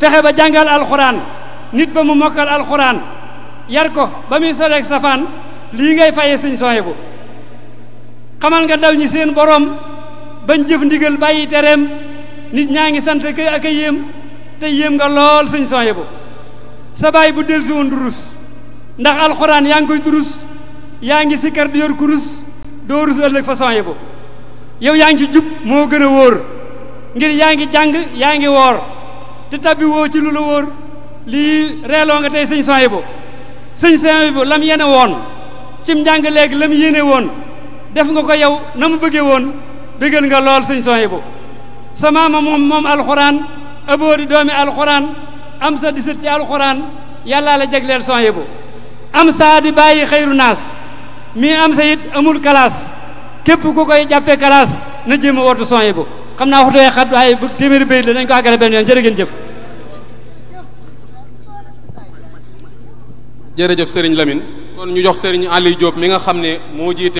fexe ba jàngal alxuraan nit ba mu mokkal alxuraan yar ko ba muy soleeg safaan lii ngay faye sëñ soxe bu xamal nga daw ñi seen borom bañ jëf ndigal bàyyi tereem nit ñaa ngi sant kay ak a yéem te yéem nga lool sëñ soxe bu sa baay bu del si woon durus ndax alxuraan yaa ngi koy durus yaa ngi sikkar di yor kurus doo rus ëllëg fa soxe bu yow yaa ngi ci jub moo gën a wóor ngir yaa ngi jàng yaa ngi woor te tabbi woo ci lu la wóor lii reeloo nga tey sëñ soy bu sëñ soy bu lam yene woon cim njàng léegi lam yéene woon def nga ko yow na mu bëggee woon bëggal nga lool sëñ soy bu sa maama moom moom alxuraan aboo doomi alxuraan am sa di ci alxuraan yàllaa la jagleel soy bu am saadi di bàyyi naas mi am sa it amul kalaas képp ku ko jàppee kalaas na jéem a wootu soy xam naa waxtu wee xat waaye bu téeméeri bayit la dañ ko àggale benn yoon jërë ngeen jëf jërëjëf Serigne kon ñu jox Serigne Aliou Diop mi nga xam ne moo jiite